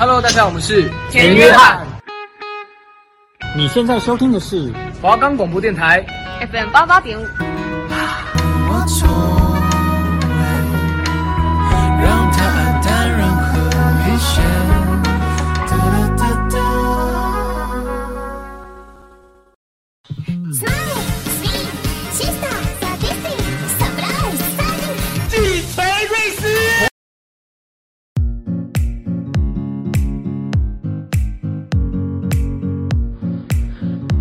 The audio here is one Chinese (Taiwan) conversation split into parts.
Hello，大家好，我們是田約翰。約翰你現在收聽的是華岡廣播電台 FM 八八點五。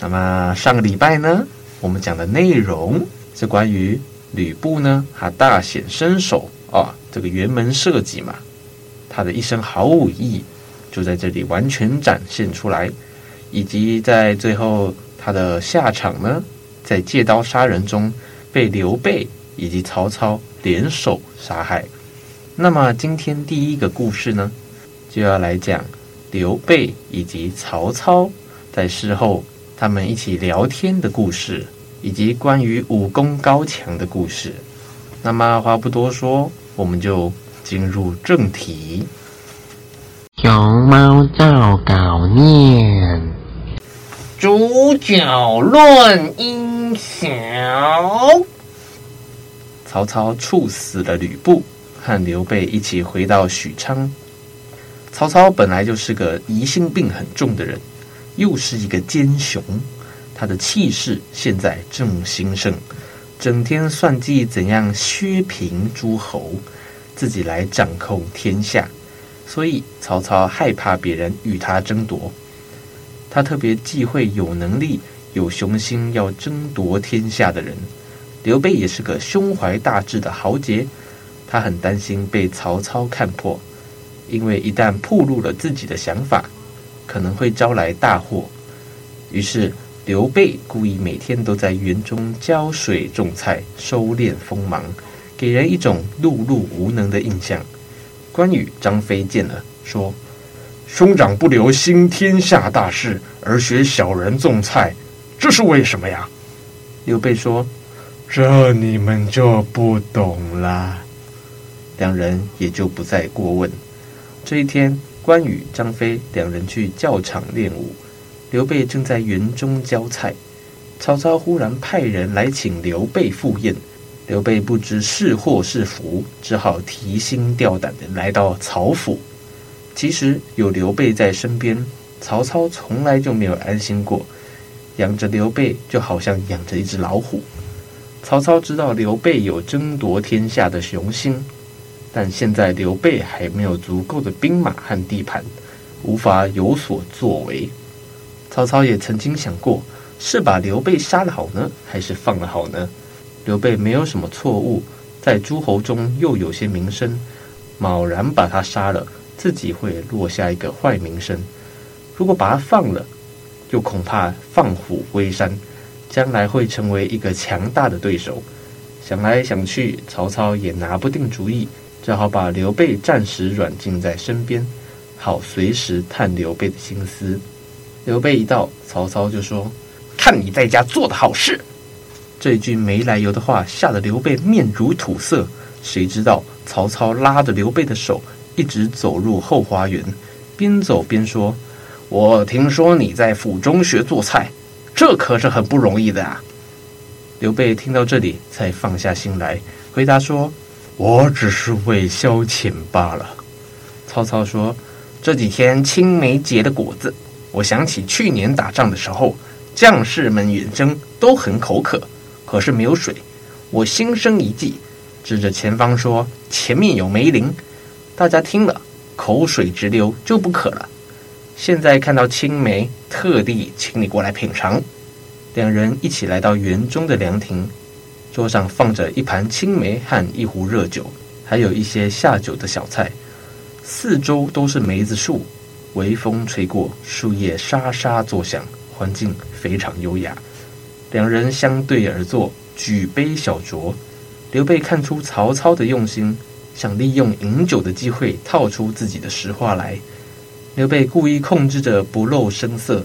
那麼上個禮拜呢，我們講的內容是關於呂布呢，他大顯身手啊，哦，這個轅門射戟嘛，他的一身好武藝就在這裡完全展現出來，以及在最後他的下場呢，在借刀殺人中被劉備以及曹操聯手殺害。那麼今天第一個故事呢，就要來講劉備以及曹操在事後。他們一起聊天的故事，以及關羽武功高強的故事。那麼話不多說，我們就進入正題。熊貓照稿念，煮酒論英雄。曹操處死了呂布，和劉備一起回到許昌。曹操本來就是個疑心病很重的人。又是一個奸雄，他的氣勢現在正興盛，整天算計怎樣削平諸侯，自己來掌控天下。所以曹操害怕別人與他爭奪，他特別忌諱有能力、有雄心要爭奪天下的人。劉備也是個胸懷大志的豪傑，他很擔心被曹操看破，因為一旦暴露了自己的想法，可能會招來大禍，於是劉備故意每天都在園中澆水種菜，收斂鋒芒，給人一種碌碌無能的印象。關羽、張飛見了，說：“兄長不留心天下大事，而學小人種菜，這是為什麼呀？”劉備說：“這你們就不懂了。”兩人也就不再過問。這一天。關羽、張飛兩人去校場練武，劉備正在園中澆菜。曹操忽然派人來請劉備赴宴，劉備不知是禍是福，只好提心吊膽地來到曹府。其實有劉備在身邊，曹操從來就沒有安心過，養着劉備就好像養着一隻老虎。曹操知道劉備有爭奪天下的雄心。但現在劉備還沒有足夠的兵馬和地盤，無法有所作為。曹操也曾經想過，是把劉備殺了好呢，還是放了好呢？劉備沒有什麼錯誤，在諸侯中又有些名聲，貿然把他殺了，自己會落下一個壞名聲。如果把他放了，又恐怕放虎歸山，將來會成為一個強大的對手。想來想去，曹操也拿不定主意。只好把劉備暫時軟禁在身邊，好隨時探劉備的心思。劉備一到，曹操就說：“看你在家做的好事。”這一句沒來由的話嚇得劉備面如土色。誰知道曹操拉着劉備的手，一直走入後花園，邊走邊說：“我聽說你在府中學做菜，這可是很不容易的啊。”劉備聽到這裡才放下心來，回答說。我只是為消遣罷了。曹操說：“這幾天青梅結的果子，我想起去年打仗的時候，將士們遠征都很口渴，可是沒有水。我心生一計，指着前方說：‘前面有梅林。’大家聽了，口水直流，就不渴了。現在看到青梅，特地請你過來品嘗。”兩人一起來到園中的涼亭。桌上放着一盤青梅和一壺熱酒，還有一些下酒的小菜。四周都是梅子樹，微風吹過，樹葉沙沙作響，環境非常優雅。兩人相對而坐，舉杯小酌。劉備看出曹操的用心，想利用飲酒的機會套出自己的實話來。劉備故意控制着不露聲色，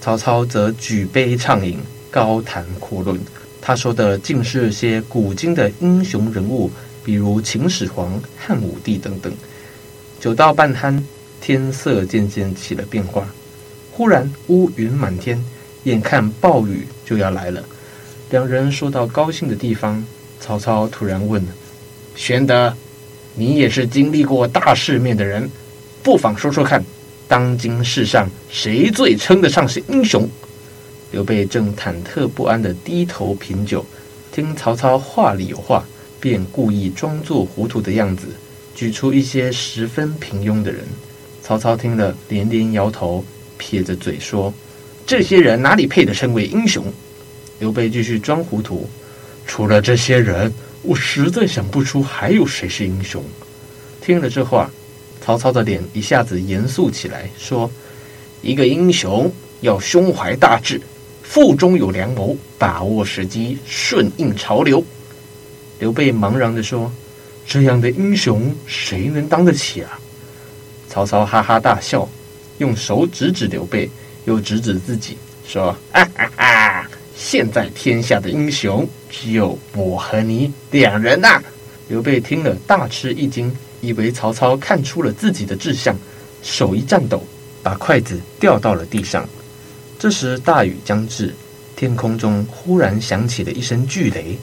曹操則舉杯暢飲，高談闊論。他說的盡是一些古今的英雄人物，比如秦始皇、漢武帝等等。酒到半酣，天色漸漸起了變化，忽然烏雲滿天，眼看暴雨就要來了。兩人說到高興的地方，曹操突然問：“玄德，你也是經歷過大世面的人，不妨說說看，當今世上誰最稱得上是英雄？”劉備正忐忑不安地低頭品酒，聽曹操話裡有話，便故意裝作糊塗的樣子，舉出一些十分平庸的人。曹操聽了連連搖頭，撇着嘴說：“這些人哪裡配得稱為英雄？”劉備繼續裝糊塗：“除了這些人，我實在想不出還有誰是英雄。”聽了這話，曹操的臉一下子嚴肅起來，說：“一個英雄要胸懷大志。”腹中有良謀，把握時機，順應潮流。劉備茫然地說：“這樣的英雄，誰能當得起啊？”曹操哈哈大笑，用手指指劉備，又指指自己，說：“啊哈哈，現在天下的英雄，只有我和你兩人吶、啊！”劉備聽了大吃一驚，以為曹操看出了自己的志向，手一顫抖，把筷子掉到了地上。這時大雨將至，天空中忽然響起了一聲巨雷。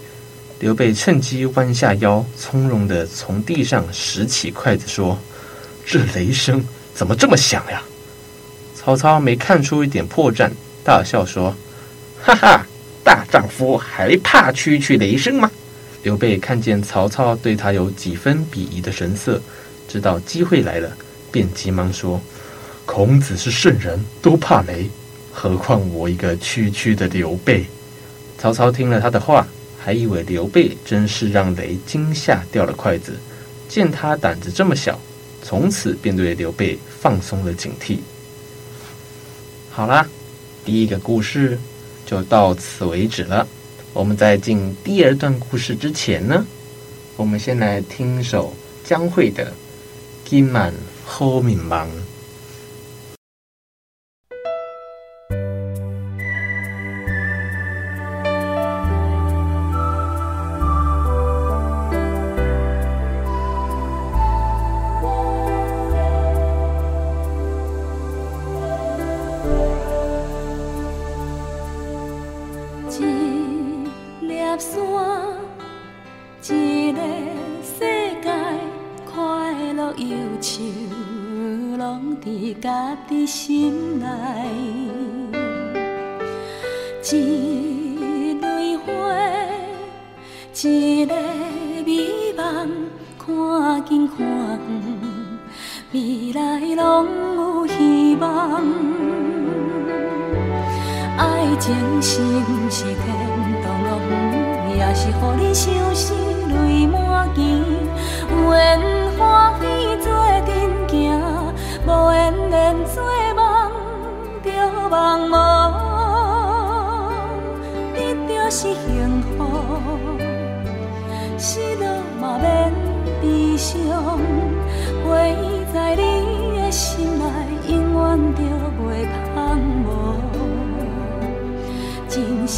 劉備趁機彎下腰，從容地從地上拾起筷子，說：“這雷聲怎麼這麼響呀？”曹操沒看出一點破綻，大笑說：“哈哈，大丈夫還怕區區雷聲嗎？”劉備看見曹操對他有幾分鄙夷的神色，知道機會來了，便急忙說：“孔子是聖人，都怕雷。”何況我一個區區的劉備。曹操聽了他的話，還以為劉備真是讓雷驚嚇掉了筷子。見他膽子這麼小，從此便對劉備放鬆了警惕。好啦，第一個故事就到此為止了。我們在進第二段故事之前呢，我們先來聽一首江蕙的《今晚好眠夢》。情深是天堂路遠，也是互你傷心淚滿眶。有緣歡喜做陣行，無緣連做夢都茫茫。夢得着是幸福，失落嘛免悲傷，回憶在你的心內，永遠着。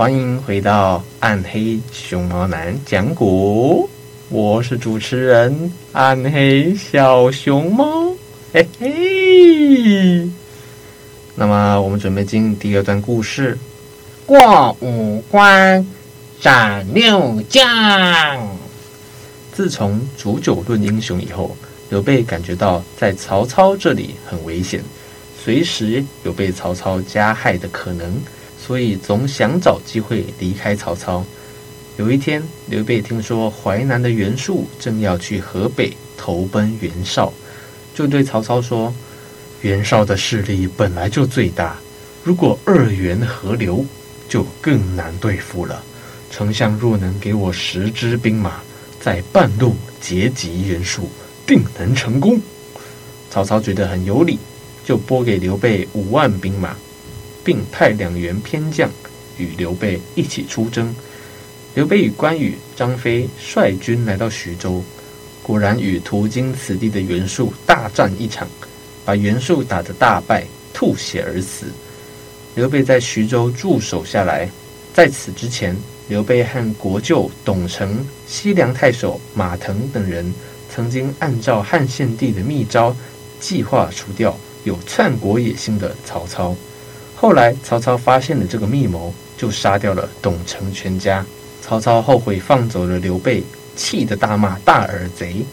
歡迎回到《暗黑熊貓男講古》，我是主持人暗黑小熊貓，嘿嘿。那麼，我們準備進入第二段故事——過五關，斬六將。自從煮酒論英雄以後，劉備感覺到在曹操這裡很危險，隨時有被曹操加害的可能。所以總想找機會離開曹操。有一天，劉備聽說淮南的袁術正要去河北投奔袁紹，就對曹操說：“袁紹的勢力本來就最大，如果二袁合流，就更難對付了。丞相若能給我十支兵馬，在半路截擊袁術，定能成功。”曹操覺得很有理，就撥給劉備五萬兵馬。並派兩員偏將與劉備一起出征。劉備與關羽、張飛率軍來到徐州，果然與途經此地的袁術大戰一場，把袁術打得大敗，吐血而死。劉備在徐州駐守下來。在此之前，劉備和國舅董承、西涼太守馬騰等人曾經按照漢獻帝的密詔，計劃除掉有篡國野心的曹操。後來，曹操發現了這個密謀，就殺掉了董承全家。曹操後悔放走了劉備，氣得大罵大耳賊。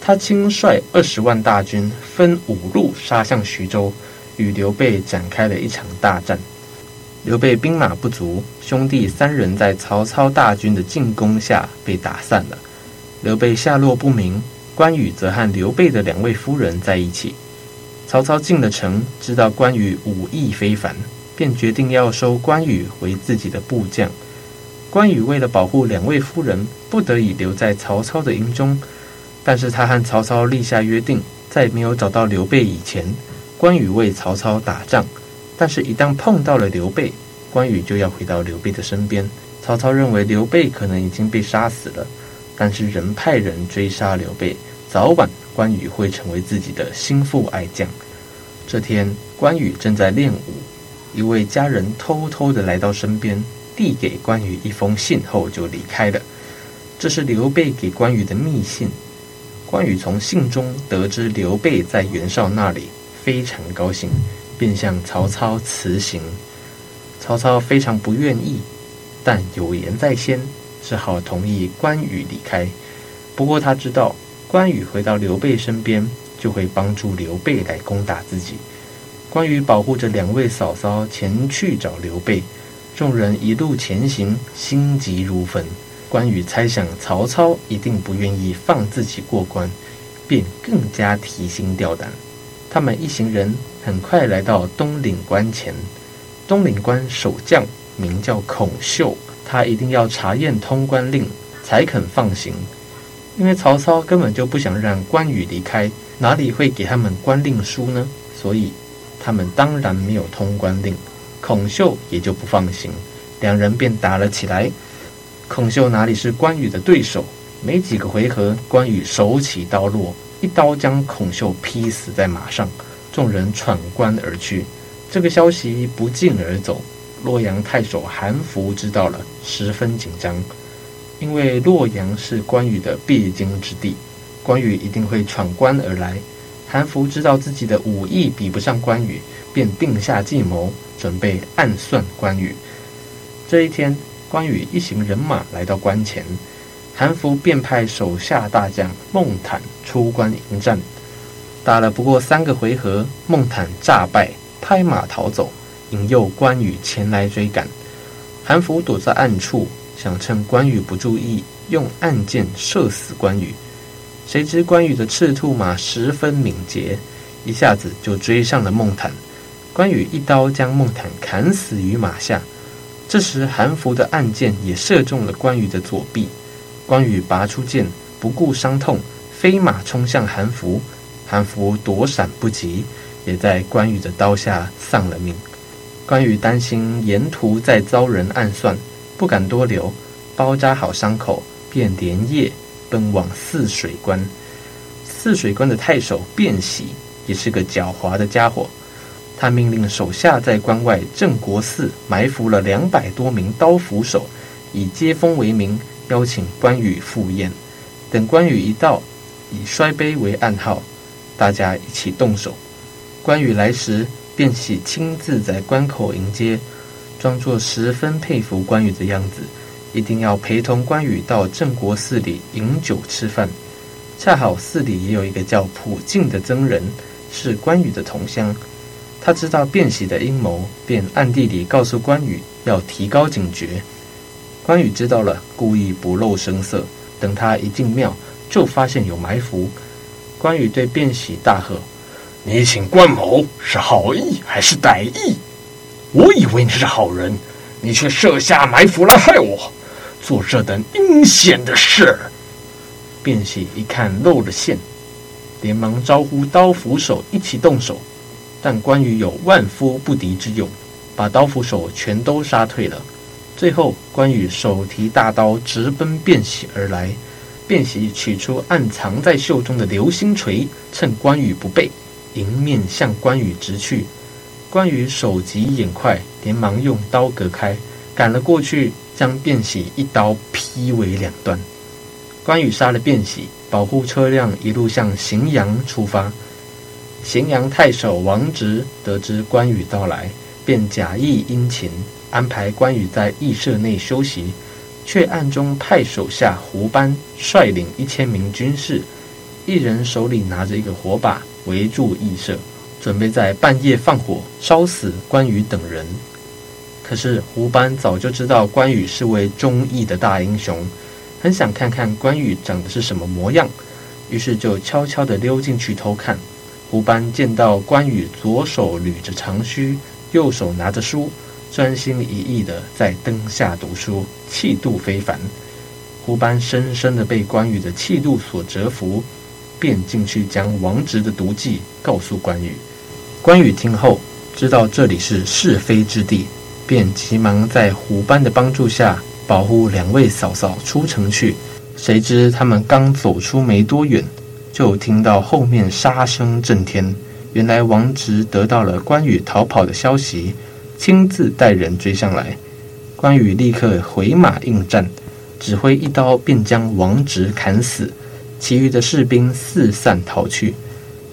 他親率二十萬大軍，分五路殺向徐州，與劉備展開了一場大戰。劉備兵馬不足，兄弟三人在曹操大軍的進攻下被打散了。劉備下落不明，關羽則和劉備的兩位夫人在一起。曹操進了城，知道關羽武藝非凡，便決定要收關羽為自己的部將。關羽為了保護兩位夫人，不得已留在曹操的營中。但是他和曹操立下約定，在沒有找到劉備以前，關羽為曹操打仗；但是，一旦碰到了劉備，關羽就要回到劉備的身邊。曹操認為劉備可能已經被殺死了，但是仍派人追殺劉備，早晚。關羽會成為自己的心腹愛將。這天，關羽正在練武，一位家人偷偷地來到身邊，遞給關羽一封信後就離開了。這是劉備給關羽的密信。關羽從信中得知劉備在袁紹那裡，非常高興，便向曹操辭行。曹操非常不願意，但有言在先，只好同意關羽離開。不過他知道。關羽回到劉備身邊，就會幫助劉備來攻打自己。關羽保護着兩位嫂嫂前去找劉備，眾人一路前行，心急如焚。關羽猜想曹操一定不願意放自己過關，便更加提心吊膽。他們一行人很快來到東嶺關前，東嶺關守將名叫孔秀，他一定要查驗通關令，才肯放行。因為曹操根本就不想讓關羽離開，哪裡會給他們關令書呢？所以他們當然沒有通關令，孔秀也就不放心，兩人便打了起來。孔秀哪裡是關羽的對手？沒幾個回合，關羽手起刀落，一刀將孔秀劈死在馬上。眾人闖關而去，這個消息不脛而走。洛陽太守韓福知道了，十分緊張。因為洛陽是關羽的必經之地，關羽一定會闖關而來。韓福知道自己的武藝比不上關羽，便定下計謀，準備暗算關羽。這一天，關羽一行人馬來到關前，韓福便派手下大將孟坦出關迎戰。打了不過三個回合，孟坦詐敗，拍馬逃走，引誘關羽前來追趕。韓福躲在暗處。想趁關羽不注意，用暗箭射死關羽，誰知關羽的赤兔馬十分敏捷，一下子就追上了孟坦。關羽一刀將孟坦砍死於馬下。這時韓福的暗箭也射中了關羽的左臂。關羽拔出劍，不顧傷痛，飛馬衝向韓福。韓福躲閃不及，也在關羽的刀下喪了命。關羽擔心沿途再遭人暗算。不敢多留，包紮好傷口，便連夜奔往汜水關。汜水關的太守卞喜也是個狡猾的家伙，他命令手下在關外鎮國寺埋伏了兩百多名刀斧手，以接風為名邀請關羽赴宴。等關羽一到，以摔杯為暗號，大家一起動手。關羽來時，卞喜親自在關口迎接。裝作十分佩服關羽的樣子，一定要陪同關羽到鎮國寺裡飲酒吃飯。恰好寺裡也有一個叫普淨的僧人，是關羽的同鄉。他知道卞喜的陰謀，便暗地裡告訴關羽要提高警覺。關羽知道了，故意不露聲色。等他一進廟，就發現有埋伏。關羽對卞喜大喝：“你請關某是好意還是歹意？”我以為你是好人，你卻設下埋伏來害我，做這等陰險的事。卞喜一看露了餡，連忙招呼刀斧手一起動手，但關羽有萬夫不敵之勇，把刀斧手全都殺退了。最後，關羽手提大刀直奔卞喜而來，卞喜取出暗藏在袖中的流星錘，趁關羽不備，迎面向關羽擲去。關羽手疾眼快，連忙用刀隔開，趕了過去，將卞喜一刀劈為兩段。關羽殺了卞喜，保護車輛一路向滎陽出發。滎陽太守王植得知關羽到來，便假意殷勤，安排關羽在驛舍內休息，卻暗中派手下胡班率領一千名軍士，一人手裡拿着一個火把，圍住驛舍。準備在半夜放火燒死關羽等人，可是胡班早就知道關羽是位忠義的大英雄，很想看看關羽長得是什麼模樣，於是就悄悄地溜進去偷看。胡班見到關羽左手捋着長鬚，右手拿着書，專心一意地在燈下讀書，氣度非凡。胡班深深地被關羽的氣度所折服，便進去將王植的毒計告訴關羽。關羽聽後，知道這裡是是非之地，便急忙在胡班的幫助下保護兩位嫂嫂出城去。誰知他們剛走出沒多遠，就聽到後面殺聲震天。原來王植得到了關羽逃跑的消息，親自帶人追上來。關羽立刻回馬應戰，指揮一刀便將王植砍死，其餘的士兵四散逃去。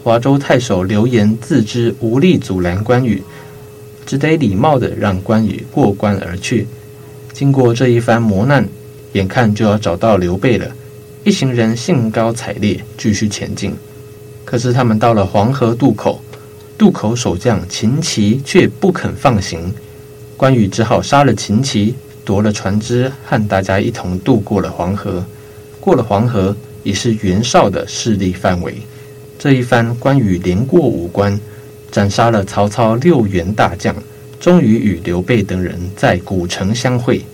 華州太守劉延自知無力阻攔關羽，只得禮貌地讓關羽過關而去。經過這一番磨難，眼看就要找到劉備了，一行人興高采烈，繼續前進。可是他們到了黃河渡口，渡口守將秦琪卻不肯放行，關羽只好殺了秦琪，奪了船隻，和大家一同渡過了黃河。過了黃河，已是袁紹的勢力範圍。這一番關羽連過五關，斬殺了曹操六員大將，終於與劉備等人在古城相會。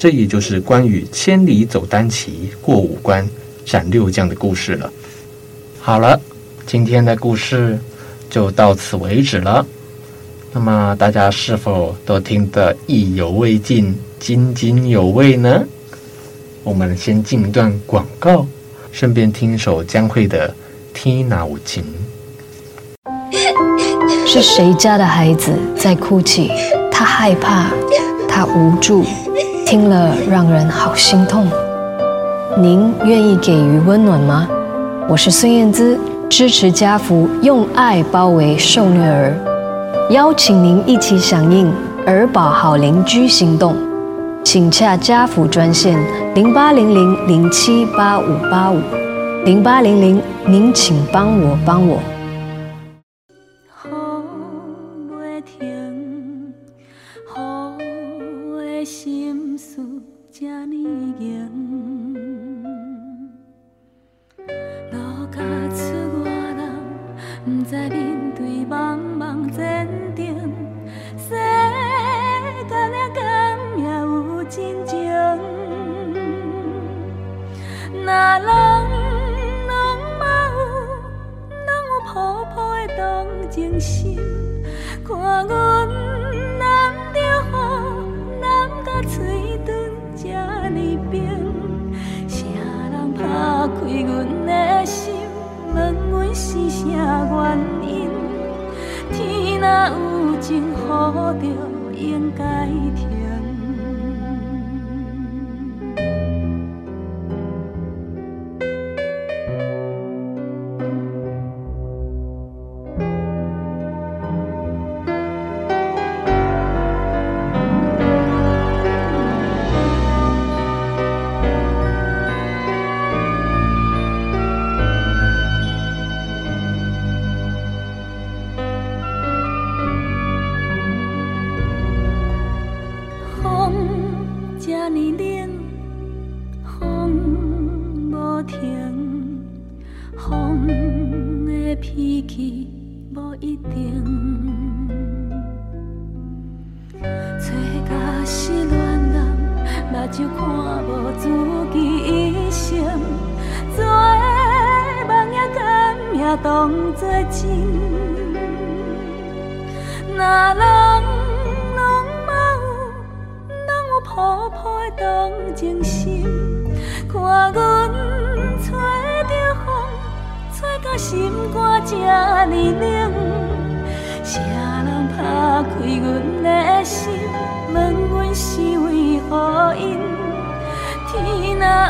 這也就是關羽千里走單騎、過五關斬六將的故事了。好了，今天的故事就到此為止了。那麼大家是否都聽得意猶未盡、津津有味呢？我們先進一段廣告，順便聽一首江蕙的。是誰家的孩子在哭泣？他害怕，他無助，聽了讓人好心痛。您願意給予溫暖嗎？我是孫燕姿，支持家扶，用愛包圍受虐兒，邀請您一起響應兒保好鄰居行動，請洽家扶專線零八零零零七八五八五。零八零零，您請幫我，幫我。心看阮淋着雨，淋甲嘴唇這呢冰，誰人打開阮的心？問阮是啥原因？天若有情，雨就應該停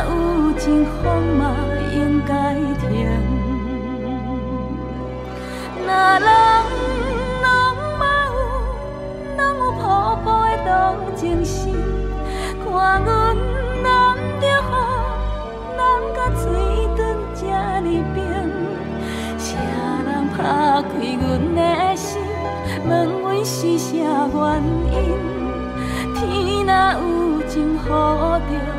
哪有情風嘛應該停，哪人攏嘛有，攏有瀑布的同情心。看阮淋着雨，淋到嘴唇這呢冰。誰人打開阮的心，問阮是啥原因？天若有情，雨就……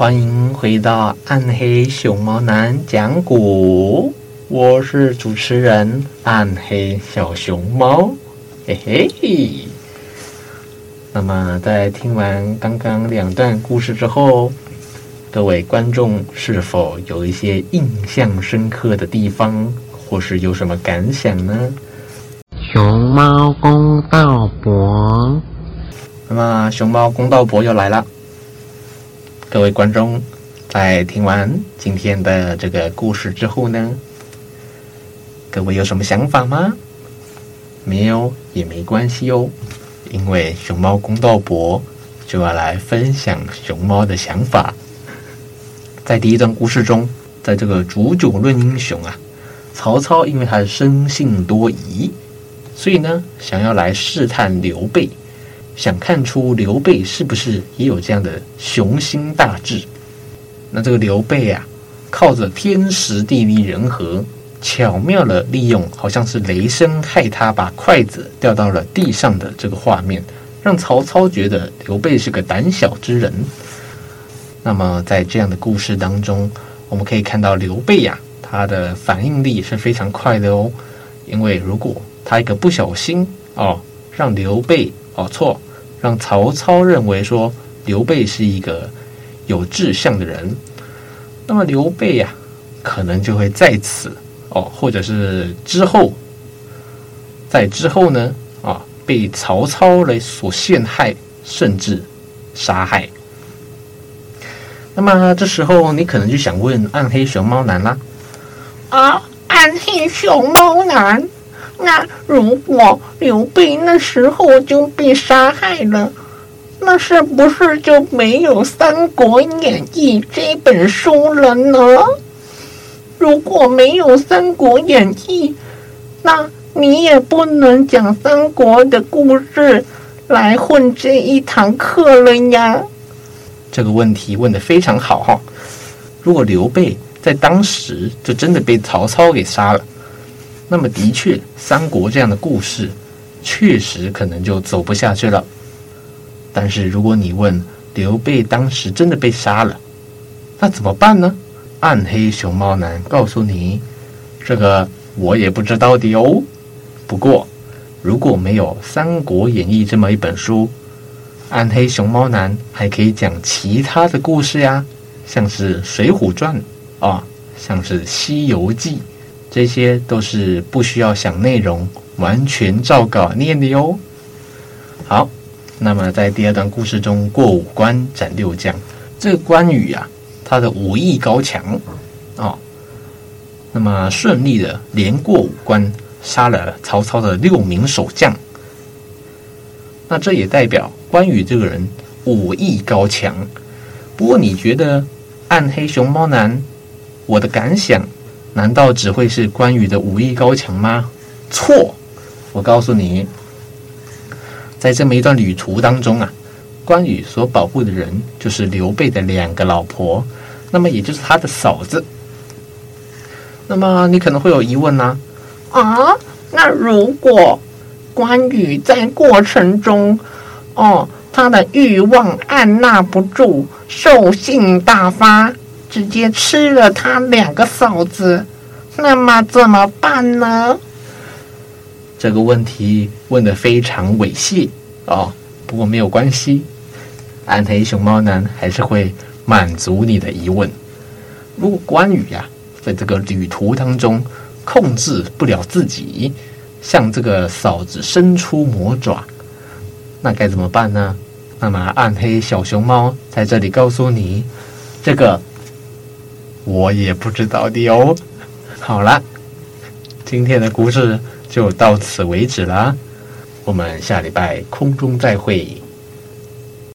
歡迎回到《暗黑熊貓男講古》，我是主持人暗黑小熊貓，嘿嘿。那麼，在聽完剛剛兩段故事之後，各位觀眾是否有一些印象深刻的地方，或是有什麼感想呢？熊貓公道伯，那麼熊貓公道伯又來了。各位觀眾，在聽完今天的這個故事之後呢，各位有什麼想法嗎？沒有也沒關係哦，因為熊貓公道伯就要來分享熊貓的想法。在第一段故事中，在這個煮酒論英雄啊，曹操因為他是生性多疑，所以呢，想要來試探劉備。想看出劉備是不是也有這樣的雄心大志。那這個劉備啊，靠着天時地利人和，巧妙的利用，好像是雷聲害他把筷子掉到了地上的這個畫面，讓曹操覺得劉備是個膽小之人。那麼在這樣的故事當中，我們可以看到劉備呀、啊，他的反應力是非常快的哦。因為如果他一個不小心哦，讓劉備哦錯，讓曹操認為說劉備是一個有志向的人，那麼劉備呀、啊，可能就會在此哦，或者是之後，在之後呢啊、哦，被曹操來所陷害，甚至殺害。那麼這時候你可能就想問暗黑熊貓男啦、啊，啊，暗黑熊貓男。那如果劉備那時候就被殺害了，那是不是就沒有《三國演義》這本書了呢？如果沒有《三國演義》，那你也不能講三國的故事來混這一堂課了呀。這個問題問得非常好哈！如果劉備在當時就真的被曹操給殺了。那麼的確，三國這樣的故事，確實可能就走不下去了。但是如果你問劉備當時真的被殺了，那怎麼辦呢？暗黑熊貓男告訴你，這個我也不知道的哦。不過，如果沒有《三國演義》這麼一本書，暗黑熊貓男還可以講其他的故事呀，像是《水滸傳》啊、哦，像是《西遊記》。這些都是不需要想內容，完全照稿念的喲。好，那麼在第二段故事中，過五關斬六將，這個關羽啊，他的武藝高強哦，那麼順利的連過五關，殺了曹操的六名守將。那這也代表關羽這個人武藝高強。不過你覺得，暗黑熊貓男，我的感想，難道只會是關羽的武藝高強嗎？錯！我告訴你，在這麼一段旅途當中啊，關羽所保護的人就是劉備的兩個老婆，那麼也就是他的嫂子。那麼你可能會有疑問呢？啊，那如果關羽在過程中，哦，他的慾望按捺不住，獸性大發。直接吃了他兩個嫂子，那麼怎麼辦呢？這個問題問得非常猥褻哦，不過沒有關係，暗黑熊貓男還是會滿足你的疑問。如果關羽呀、啊，在這個旅途當中控制不了自己，向這個嫂子伸出魔爪，那該怎麼辦呢？那麼暗黑小熊貓在這裡告訴你，這個。我也不知道的哦。好啦，今天的故事就到此為止啦，我們下禮拜空中再會。